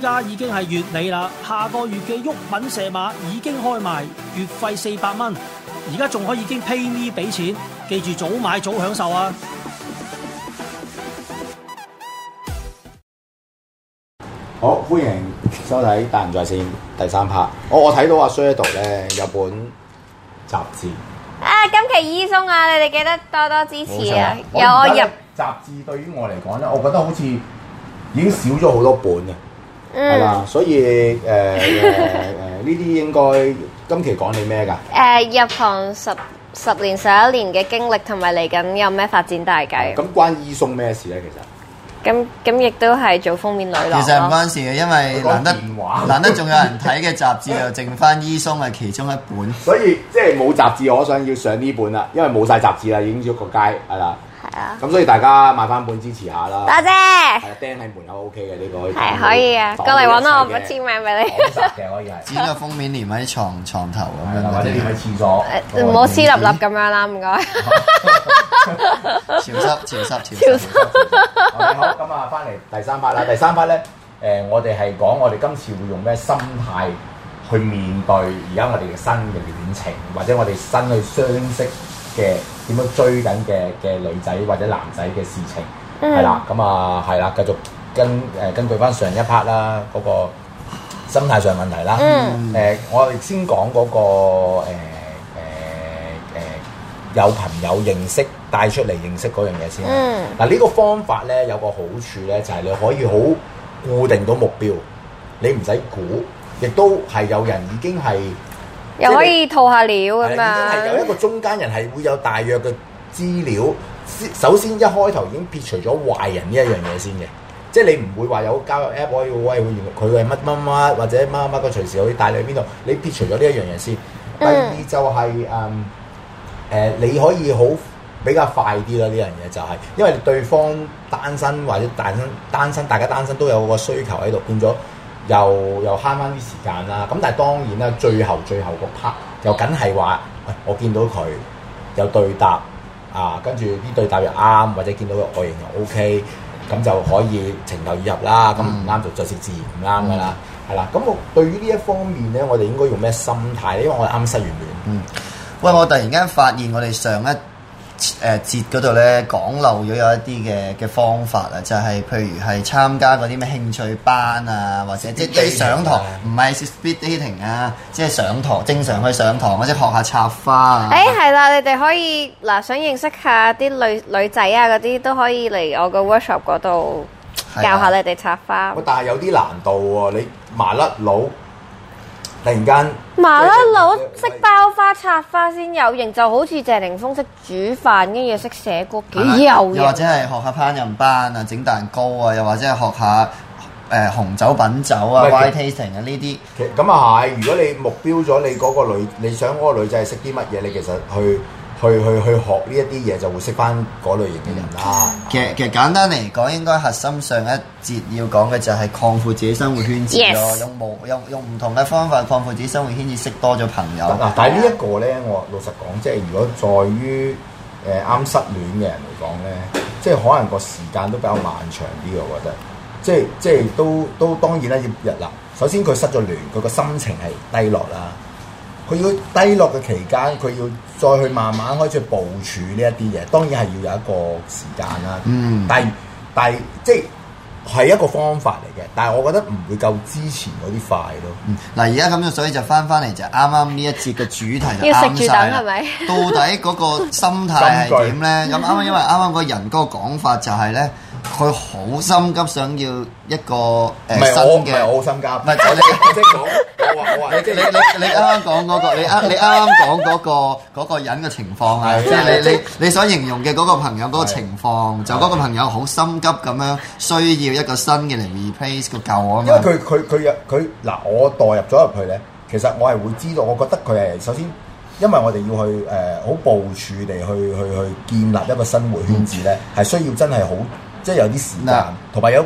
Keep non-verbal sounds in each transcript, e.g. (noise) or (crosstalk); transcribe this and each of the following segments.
而家已經係月尾啦，下個月嘅玉品射馬已經開賣，月費四百蚊，而家仲可以經 pay me 俾錢，記住早買早享受啊！好，歡迎收睇達仁在線第三拍、哦。我我睇到阿 Shadow 咧有本雜誌啊！今期醫生啊，你哋記得多多支持啊！我我有我入雜誌對於我嚟講咧，我覺得好似已經少咗好多本啊！係嘛？Mm. 所以誒誒呢啲應該今期講你咩㗎？誒、uh, 入行十十年十一年嘅經歷，同埋嚟緊有咩發展大計？咁、嗯、關伊松咩事咧？其實咁咁亦都係做封面女郎。其實唔關事嘅，因為難得難得仲 (laughs) 有人睇嘅雜誌，就剩返伊松係其中一本。所以即係冇雜誌，我想要上呢本啦，因為冇晒雜誌啦，已經喐個街係啦。咁所以大家買翻本支持下啦，多謝，釘喺門口 OK 嘅呢個，係可以啊，過嚟揾我，我簽名俾你，潮濕嘅可以係，剪個封面連埋啲床床頭咁樣，或者連喺廁所，唔好黐立立咁樣啦，唔該，潮濕潮濕潮濕。好，咁啊，翻嚟第三 part 啦，第三 part 咧，誒，我哋係講我哋今次會用咩心態去面對而家我哋嘅新嘅戀情，或者我哋新嘅相識嘅。點樣追緊嘅嘅女仔或者男仔嘅事情，係啦、mm.，咁啊係啦，繼續跟誒、呃、根據翻上一 part 啦，嗰、那個心態上問題啦，誒、mm. 呃、我哋先講嗰、嗰個誒誒、呃呃呃、有朋友認識帶出嚟認識嗰樣嘢先。嗱呢、mm. 呃呢個方法咧有個好處咧，就係、係、你可以好固定到目標，你唔使估，亦都係有人已經係。又可以套下料咁嘛。真係有一個中間人係會有大約嘅資料。首先一開頭已經撇除咗壞人呢一樣嘢先嘅，即係你唔會話有交友 app 可以威佢，佢係乜乜乜或者乜乜乜佢隨時可以帶你去邊度？你撇除咗呢一樣嘢先。第二、嗯、就係誒誒，你可以好比較快啲啦呢樣嘢、就係，就係因為對方單身或者單身單身，大家單身都有個需求喺度，變咗。又又慳翻啲時間啦，咁但係當然啦，最後最後個 part 又梗係話，喂，我見到佢有對答啊，跟住啲對答又啱，或者見到個外形又 OK，咁就可以情投意合啦。咁唔啱就再次自然唔啱㗎啦，係啦、嗯。咁、嗯、我對於呢一方面咧，我哋應該用咩心態咧？因為我哋啱失完戀。嗯，喂，我突然間發現我哋上一誒節嗰度咧，講漏咗有一啲嘅嘅方法啊，就係、是、譬如係參加嗰啲咩興趣班啊，或者即係上堂，唔係 speed dating 啊，即係上堂正常去上堂或者學下插花啊。誒係啦，你哋可以嗱，想認識下啲女女仔啊嗰啲都可以嚟我個 workshop 嗰度教下你哋插花。的但係有啲難度喎、啊，你麻甩佬，突然間，麻甩佬識包花插是花先有型，是就好似謝霆鋒識煮飯，跟住識寫歌幾有型。又或者係學下烹飪班啊，整蛋糕啊，又或者係學下誒紅酒品酒啊 wine tasting 啊呢啲。其實咁啊係，如果你目標咗你嗰個女，你想嗰個女仔識啲乜嘢，你其實去，去去去學呢一啲嘢，就會識翻嗰類型嘅人啦。其實對、啊、其實簡單嚟講，應該核心上一節要講嘅就係擴闊自己生活圈子咯，用無用用唔同嘅方法擴闊自己生活圈子，Yes. 圈子識多咗朋友。但係是吧呢一個咧，我老實講，即係如果在於誒啱、呃、失戀嘅人嚟講咧，即係可能個時間都比較漫長啲。我覺得即係即係都都，都當然啦，要日啦。首先佢失咗戀，佢個心情係低落啦。佢要低落嘅期間，佢要。再去慢慢開始部署呢一啲嘢，當然係要有一個時間啦。嗯，但係但係即係一個方法嚟嘅，但係我覺得唔會夠之前嗰啲快咯。嗯，嗱，而家咁樣所以就翻返嚟就啱啱呢一節嘅主題就啱晒。係咪？是是 (laughs) 到底嗰個心態係點咧？咁啱啱因為啱啱嗰人嗰個講法就係咧。佢好心急，想要一個誒新嘅。唔係我唔係我好心急，唔係我你聽唔到。我話我話你你你你啱啱講嗰個，你啱你啱啱講嗰個嗰個人嘅情況係，即係你你你所形容嘅嗰個朋友嗰個情況，就嗰個朋友好心急咁樣需要一個新嘅嚟 replace 個舊啊嘛。因為佢佢佢又佢嗱，我代入咗入去咧，其實我係會知道，我覺得佢係首先，因為我哋要去誒好部署地去去去建立一個生活圈子咧，係需要真係好。即係有啲時間，同埋有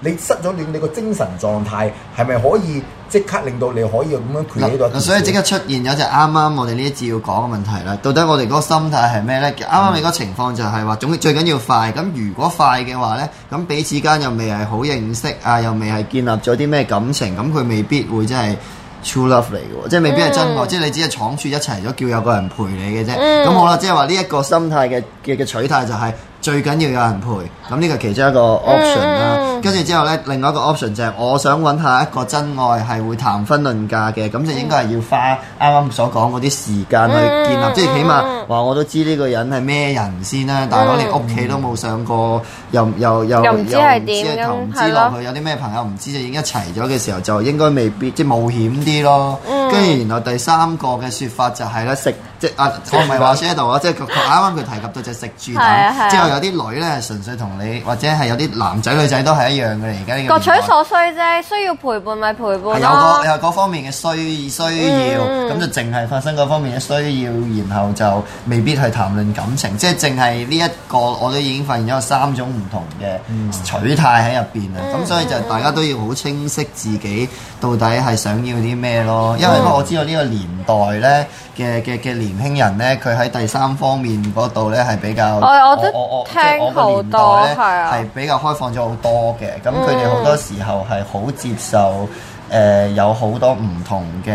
你失咗戀，你個精神狀態係咪可以即刻令到你可以咁樣佢起 No. 所以即刻出現有隻啱啱我哋呢一節要講嘅問題啦。到底我哋嗰個心態係咩呢？啱啱你個情況就係話，總最緊要快。咁如果快嘅話呢，咁彼此間又未係好認識啊，又未係建立咗啲咩感情，咁佢未必會真係 true love 嚟嘅喎，mm. 即係未必係真愛，即係你只係倉促一齊咗，叫有個人陪你嘅啫。咁、mm. 好啦，即係話呢一個心態嘅嘅嘅取態就係、是。最緊要有人陪，咁、這、呢個其中一個 option 啦。跟住、嗯、之後呢，另外一個 option 就係、是、我想揾下一個真愛，係會談婚論嫁嘅。咁、嗯、就應該係要花啱啱所講嗰啲時間去建立，嗯、即係起碼話我都知呢個人係咩人先啦。嗯、但係我連屋企都冇上過，又又又又唔知係點咁，係咯。投資落去的有啲咩朋友唔知就已經一齊咗嘅時候，就應該未必即係冒險啲咯。跟住然，然後第三個嘅說法就係、是、咧食。即啊！我唔係話 studio 啊，即係佢啱啱佢提及到只食豬之 (laughs) 後有啲女咧純粹同你，或者係有啲男仔女仔都係一樣嘅。而家呢個各取所需啫，需要陪伴咪陪伴、啊、有個有嗰方面嘅需需要，咁、嗯、就淨係發生嗰方面嘅需要，然後就未必去談論感情，即係淨係呢一個我都已經發現咗有三種唔同嘅取態喺入邊啊！咁、嗯、所以就大家都要好清晰自己到底係想要啲咩咯，因為，因為我知道呢個年代咧。嘅嘅嘅年輕人咧，佢喺第三方面嗰度咧係比較，即係我聽好多，咧係比較開放咗好多嘅。咁佢哋好多時候係好接受，誒、呃、有好多唔同嘅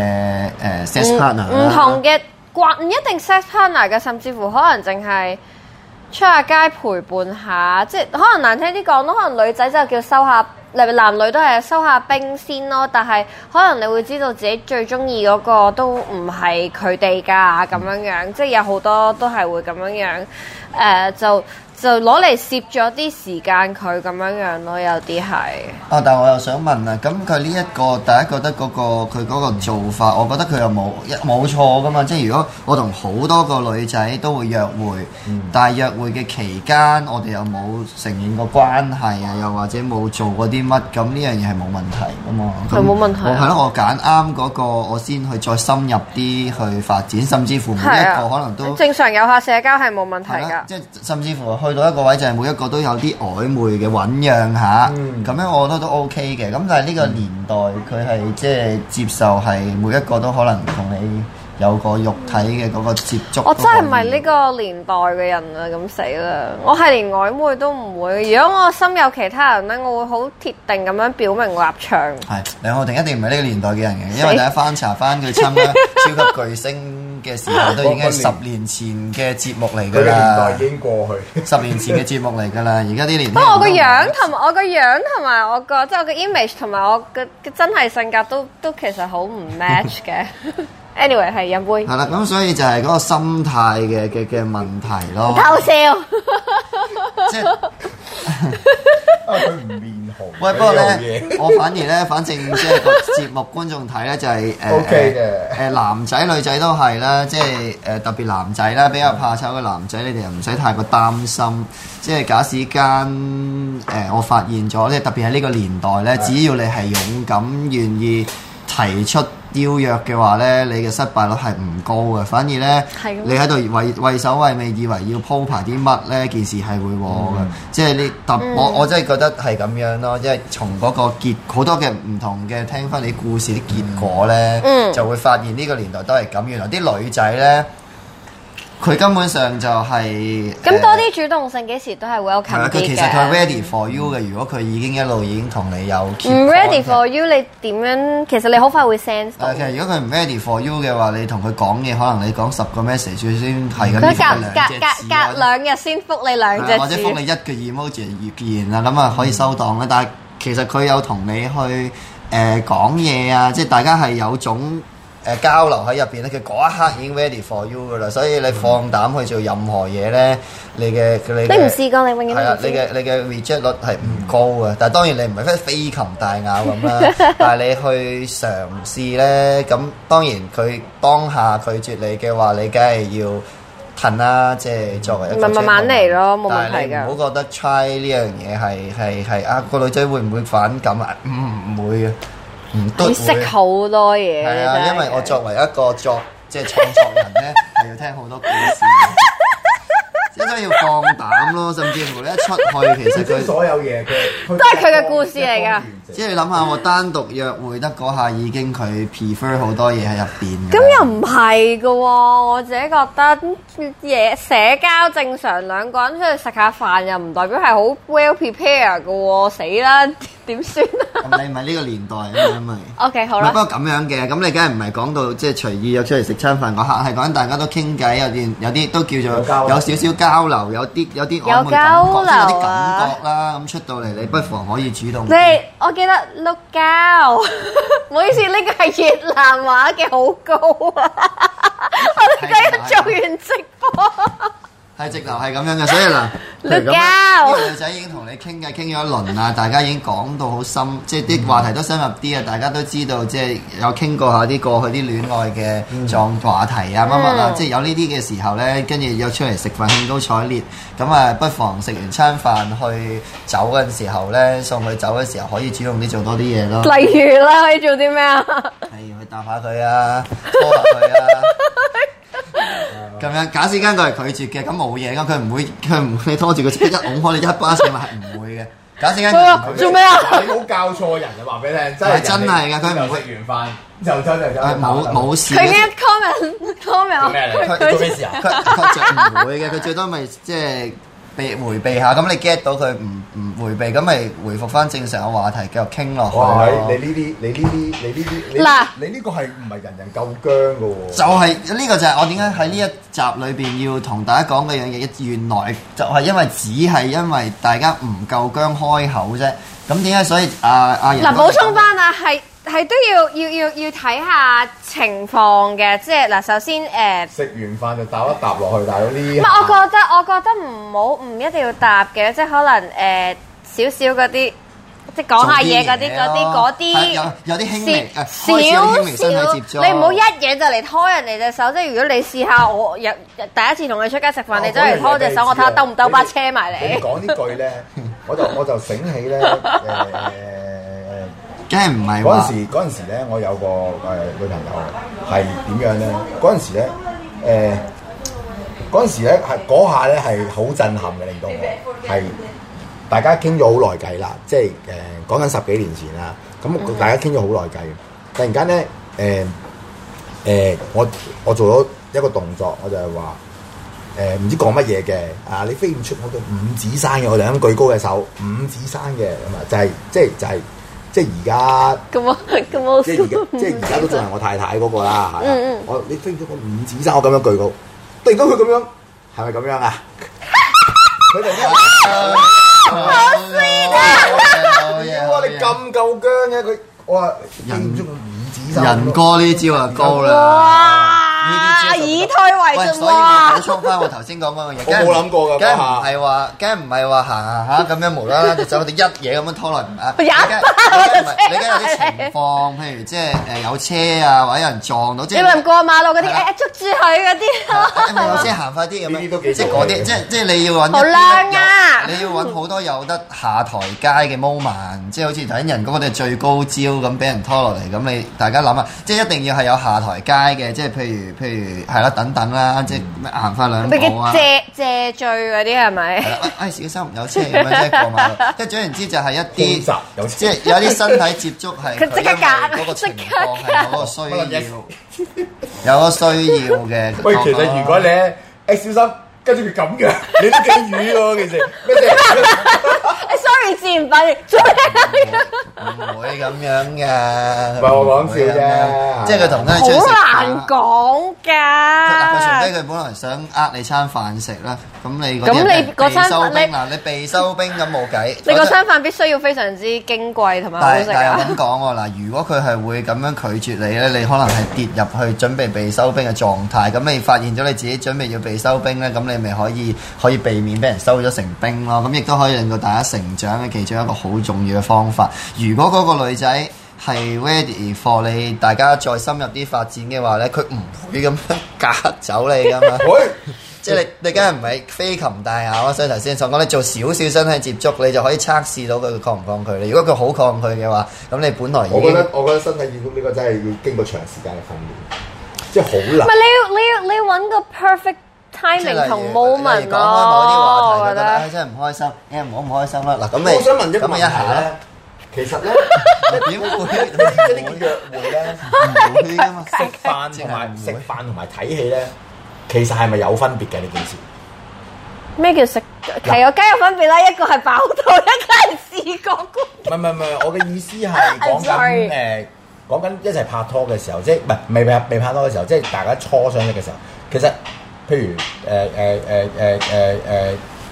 誒 sex partner 唔同嘅，唔一定 sex partner 嘅，甚至乎可能淨係，出下街陪伴下，即係可能難聽啲講咯，可能女仔就叫收下，例如男女都係收下兵先咯。但係可能你會知道自己最中意嗰個都唔係佢哋噶咁樣樣，即係有好多都係會咁樣樣，誒、呃、就。就攞嚟攝咗啲時間佢咁樣樣咯，有啲係。啊，但係我又想問啊，咁佢呢一個第一覺得嗰、嗰個佢嗰個做法，我覺得佢又冇冇錯噶嘛。即係如果我同好多個女仔都會約會，嗯、但係約會嘅期間，我哋又冇承認過關係啊，又或者冇做過啲乜，咁呢樣嘢係冇問題噶嘛。係冇問題。係咯、啊，我揀啱嗰個，我先去再深入啲去發展，甚至乎每一個的可能都正常有下社交係冇問題㗎。即係甚至乎去到一個位就係每一個都有啲曖昧嘅醞釀下咁、嗯、樣我覺得都 O K 嘅。咁但係呢個年代佢係即係接受係每一個都可能同你有個肉體嘅嗰個接觸。我真係唔係呢個年代嘅人啊，咁死啦！我係連曖昧都唔會。如果我心有其他人呢，我會好鐵定咁樣表明立場。係，梁皓婷一定唔係呢個年代嘅人嘅，因為第一翻查翻佢參加超級巨星。 (laughs) 嘅時候都已經係十年前嘅節目嚟㗎啦，年代已經過去， (laughs) 十年前嘅節目嚟㗎啦。而家啲年代，不過我個樣同埋我個樣同埋我個即係我個 image 同埋我個真係性格都都其實好唔 match 嘅。 (laughs) anyway 係飲杯，係啦，咁所以就係嗰個心態嘅嘅嘅問題咯。偷笑，即係因為佢唔面紅。喂，不過咧，我反而咧，反正即係個節目觀眾睇咧，就係誒，O K 嘅誒，男仔女仔都係啦，即係誒特別男仔啦，比較怕醜嘅男仔，你哋又唔使太過擔心。即係假使間誒，我發現咗咧，特別喺呢個年代咧，只要你係勇敢願意，提出邀約嘅話呢，你嘅失敗率係唔高嘅，反而呢，的你喺度為為首為尾，以為要鋪排啲乜，呢件事係會旺嘅。嗯、即係你，我、嗯、我真係覺得係咁樣咯。即係從嗰個結好多嘅唔同嘅，聽翻你故事啲結果呢，嗯、就會發現呢個年代都係咁。原來啲女仔呢。佢根本上就係、是、咁多啲主動性，幾時都係會有溝通嘅。佢其實佢 ready for you 嘅。嗯、如果佢已經一路已經同你有唔不 ready 和 for you，你點樣？其實你好快會 sense。誒、呃，如果佢唔 ready for you 嘅話，你同佢講嘢，可能你講十個 message 先係咁。佢、嗯、隔隔隔隔兩日先覆你兩隻字對或者覆你一句 emoji 語言咁啊，可以收檔啦。嗯、但係其實佢有同你去誒、呃、講嘢啊，即係大家係有種。誒，交流喺入邊咧，佢嗰一刻已經 ready for you 㗎喇，所以你放膽去做任何嘢咧，你嘅佢你。你唔試過，你永遠冇試。係啊，你嘅你嘅 reject 率係唔高啊，但係當然你唔係飛擒大咬咁啦，但係你去嘗試咧，咁當然佢當下拒絕你嘅話，你梗係要褪啦，即係作為一個。慢慢嚟咯，冇問題㗎。但係你唔好覺得 try 呢樣嘢係係係啊，個女仔會唔會反感啊？唔，唔會嘅。會識好多嘢。係啊的，因為我作為一個作即係創作人咧，係 (laughs) 要聽好多故事，即係 (laughs) 要放膽咯，甚至乎咧一出去其實佢所有嘢佢都係佢嘅故事嚟噶。即係你諗下我單獨約會得嗰下， (laughs) 已經佢 prefer 好多嘢喺入邊。咁又唔係噶，我自己覺得嘢社交正常，兩個人出去食下飯又唔代表係好 well prepare 噶。死啦，點算？ (laughs) 你唔係呢個年代啊嘛，okay, 好啦，不過咁樣嘅，咁你梗係唔係講到即係隨意約出嚟食餐飯嗰刻，係講大家都傾偈，有啲有啲都叫做有少少交流，有啲有啲有交流感覺，有啲、啊、感覺啦。咁出到嚟，你不妨可以主動。你我記得 l o 唔好意思，呢、呢個係越南話嘅，好高啊！ (laughs) 我哋今日做完直播。 (laughs) 係直流係咁樣嘅，所以嗱，呢個女仔已經同你傾偈傾咗一輪啦，大家已經講到好深，即係啲話題都深入啲啊！大家都知道，即係有傾過下啲過去啲戀愛嘅狀話題啊，乜乜啊，即係有呢啲嘅時候呢，跟住又出嚟食飯，興高采烈，咁啊，不妨食完餐飯去走嘅時候呢，送佢走嘅時候，可以主動啲做多啲嘢咯。例如啦，可以做啲咩啊？例如、哎、去打下佢啊，拖下佢啊。 (laughs) 咁樣，假使間佢係拒絕嘅，咁冇嘢㗎，佢唔會，佢唔會拖住個車一擁開你一巴死嘛，係唔 (laughs) 會嘅。假使間、哎、呀做咩啊？你冇教錯人，你話俾你聽，真係真係㗎。佢唔食完飯，就走就走冇冇事。佢已經 comment comment 做咩嚟？佢做咩事啊？佢唔會嘅，佢最多咪即係。回避迴避下，咁你 get 到佢唔唔迴避，咁咪回復翻正常嘅話題，繼續傾落去。哇、哦！你呢啲，你呢啲，你呢啲，嗱，你呢啦個係唔係人人夠薑嘅喎？就係、是、呢、這個就係我點解喺呢一集裏邊要同大家講嗰樣嘢，原來就係因為只係因為大家唔夠薑開口啫。咁點解所以阿阿人？嗱，補充翻啊，係、啊。呃人係都要要要要睇下情況嘅，即係嗱，首先誒，食完飯就搭一搭落去，但係嗰啲唔係我覺得，我覺得唔好，唔一定要搭嘅，即係可能誒少少嗰啲，即係講下嘢嗰啲嗰啲嗰啲，有有啲輕微，少少，你唔好一嘢就嚟拖人哋隻手，即係如果你試下我入第一次同你出街食飯，你走嚟拖隻手，我睇下兜唔兜把車埋你。你講呢句咧，我就我就醒起咧誒。梗係唔係喎！嗰時嗰時咧，我有個誒、呃、女朋友係點樣咧？嗰陣時咧，誒嗰陣時咧係嗰下咧係好震撼嘅，令到我係大家傾咗好耐計啦。即係誒、呃、講緊十幾年前啦，咁大家傾咗好耐計。突然間咧，誒、呃、誒、呃、我我做咗一個動作，我就係話誒唔知講乜嘢嘅啊！你飛唔出我嘅五指山嘅，我哋咁舉高嘅手五指山嘅咁啊！就係即係就係、是。就是即係而家，咁啊，咁即係而家，都仲係我太太嗰個啦，係啊、嗯，我你飛咗個五指山，我咁樣舉高，突然間佢咁樣，係咪咁樣啊？佢哋啲好衰嘅、啊啊啊，哇！你咁夠薑嘅佢，哇！人中五指山，人哥呢招啊高啦。啊！以退為進喎，所以咪補倉翻我頭先講嗰樣嘢。我冇諗過㗎，梗係唔係話，驚唔係話行下吓，咁樣無啦啦就走我哋一嘢咁樣拖落嚟。廿八我有啲情況你你譬如即係誒有車啊，或者有人撞到，即係過馬路嗰啲誒捉住佢嗰啲。即係行快啲咁樣，即係嗰啲，即係即係你要揾好你要揾好多有得下台階嘅 moment，即係好似頭先人講嗰啲最高招咁，俾人拖落嚟咁。你大家諗下，即係一定要係有下台階嘅，即係譬如譬如係啦，等等啦，即係行翻兩步啊！借借醉嗰啲係咪？小心有車有咩 (laughs) 過馬路？即係總言之就一，就係一啲即係有啲身體接觸係 (laughs) 因為嗰個情況係嗰個需要有個需要嘅。喂，其實如果你 X、欸欸、小心。跟住佢咁嘅，你都幾瘀喎？其實跟住。出事唔翻嚟，唔會咁樣噶，唔係我講笑啫。即係佢同翻出事，好難講噶。嗱，佢除非佢本來想呃你餐飯食啦，咁你咁你嗰餐飯你嗱你被收兵咁冇計。你嗰餐飯必須要非常之矜貴同埋好食。但係但係又點講喎？嗱，如果佢係會咁樣拒絕你咧，你可能係跌入去準備被收兵嘅狀態。咁你發現咗你自己準備要被收兵咧，咁你咪可以可以避免俾人收咗成兵咯。咁亦都可以令到大家成長。其中一個好重要嘅方法，如果嗰個女仔係 ready for 你，大家再深入啲發展嘅話咧，佢唔會咁夾走你噶嘛？ (laughs) 即係你你梗係唔係飛擒大咬啦？所以頭先想講你做少少身體接觸，你就可以測試到佢抗唔抗拒你。如果佢好抗拒嘅話，咁你本來已經我覺得我覺得身體接觸呢個真係要經過長時間嘅訓練，即係好難。唔係你要你要你要揾個 perfect。timing 同 moment 咯，真係唔開心，你唔好唔開心啦。嗱，咁你咁啊，一下咧，其實咧，我約會咧唔會噶嘛，食飯同埋唔食飯同埋睇戲咧，其實係咪有分別嘅呢件事？咩叫食？係啊，梗有分別啦，一個係飽肚，一個係視覺觀。唔係唔係唔係，我嘅意思係講緊誒，講緊一齊拍拖嘅時候，即係唔係未未未拍拖嘅時候，即係大家初相識嘅時候，其實。譬如誒誒誒誒誒誒，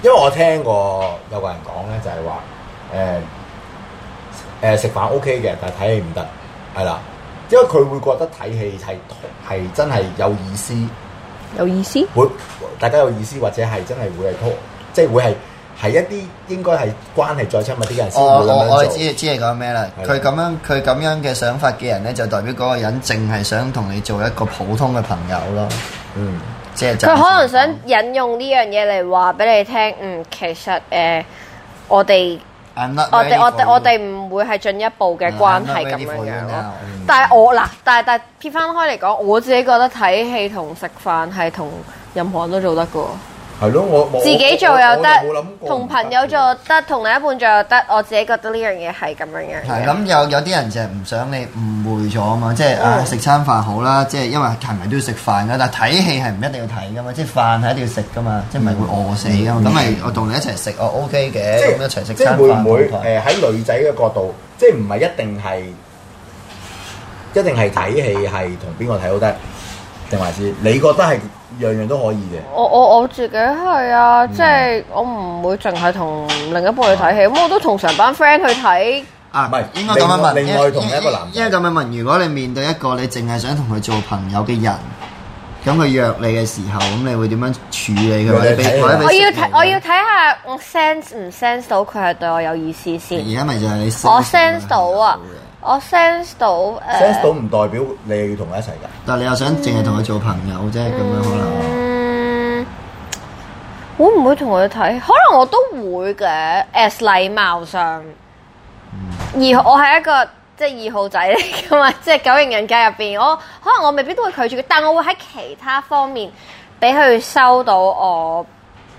因為我聽過有個人講咧，就係話誒誒食飯 OK 嘅，但係睇戲唔得，係啦，因為佢會覺得睇戲係係真係有意思，有意思會大家有意思，或者係真係會係拖，即係會係係一啲應該係關係再親密啲嘅人先會咁樣做，我，我，我，我知知係講咩啦？係啦。佢咁樣佢咁樣嘅想法嘅人咧，就代表嗰個人淨係想同你做一個普通嘅朋友咯。嗯。佢可能想引用呢樣嘢嚟話俾你聽，嗯，其實誒、呃，我哋我哋我哋我哋唔會係進一步嘅關係咁樣樣咯，嗯 um。但係我嗱，但係但撇翻開嚟講，我自己覺得睇戲同食飯係同任何人都做得過。係咯，我，我自己做又得，同朋友做又得，同另一半做又得。我自己覺得呢樣嘢係咁樣嘅。係咁有有啲人就係唔想你誤會咗啊嘛，即係、哦、啊食餐飯好啦，即係因為行埋都要食飯噶，但係睇戲係唔一定要睇噶嘛，即係飯係一定要食噶嘛，即係咪會餓死咁？咁咪、嗯嗯、我同你一齊食，我、哦、OK 嘅，咁一齊食餐飯。即係會唔會喺女仔嘅角度，即係唔係一定係一定係睇戲係同邊個睇都得，定還是你覺得係？樣樣都可以嘅。我我我自己係啊，即係我唔會淨係同另一半去睇戲，咁我都同成班 friend 去睇。啊，唔係，應該咁樣問。另外同一個男，因為咁樣問，如果你面對一個你淨係想同佢做朋友嘅人，咁佢約你嘅時候，咁你會點樣處理佢？我要睇，我要睇下我 sense 唔 sense 到佢係對我有意思先。而家咪就係你 sense 到啊！我 sense 到，sense 到唔代表你要同佢一齊㗎。但係你又想淨係同佢做朋友啫，咁、嗯、樣可能我，會唔會同佢睇，可能我都會嘅，as 禮貌上。嗯、二號我係一個即係二號仔嚟嘅嘛，即係九型人格入邊，我可能我未必都會拒絕佢，但我會喺其他方面俾佢收到我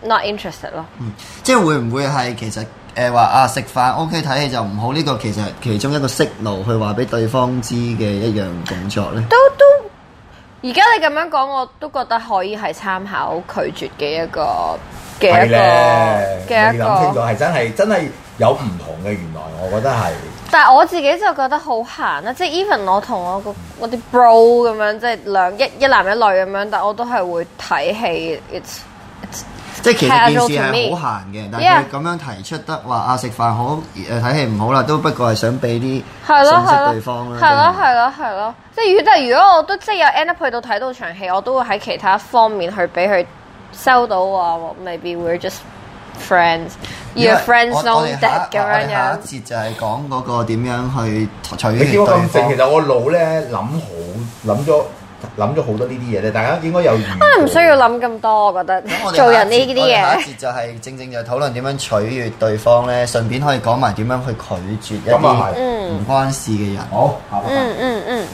not interested 咯、嗯。即係會唔會係其實？誒話啊食飯 OK 睇戲就唔好呢個其實係其中一個訊號去話俾對方知嘅一樣動作咧。都都，而家你咁樣講，我都覺得可以係參考拒絕嘅一個嘅一個嘅一個。你諗清楚係真係真係有唔同嘅原來，我覺得係。但係我自己就覺得好閒啦，即係 even 我同我個我啲 bro 咁樣，即係兩一一男一女咁樣，但我都係會睇戲。即係其實件事係好閒嘅，但係佢咁樣提出得話啊食飯好誒，睇戲唔好啦，都不過係想俾啲信息對方，係咯係咯係咯係咯！即係的他如果我都即係有 end up 去到睇到場戲，我都會喺其他方面去俾佢收到話果我，maybe we're just friends, your friends no dead 咁樣樣。下一節就係講嗰個點樣去取。其實我腦咧諗好諗咗。諗咗好多呢啲嘢咧，大家應該有遇。啊，唔需要諗咁多，我覺得做人呢啲嘢。咁我哋下節就係正正就討論點樣取悅對方咧，順便可以講埋點樣去拒絕一啲唔關事嘅人。嗯、好，嗯嗯嗯。嗯嗯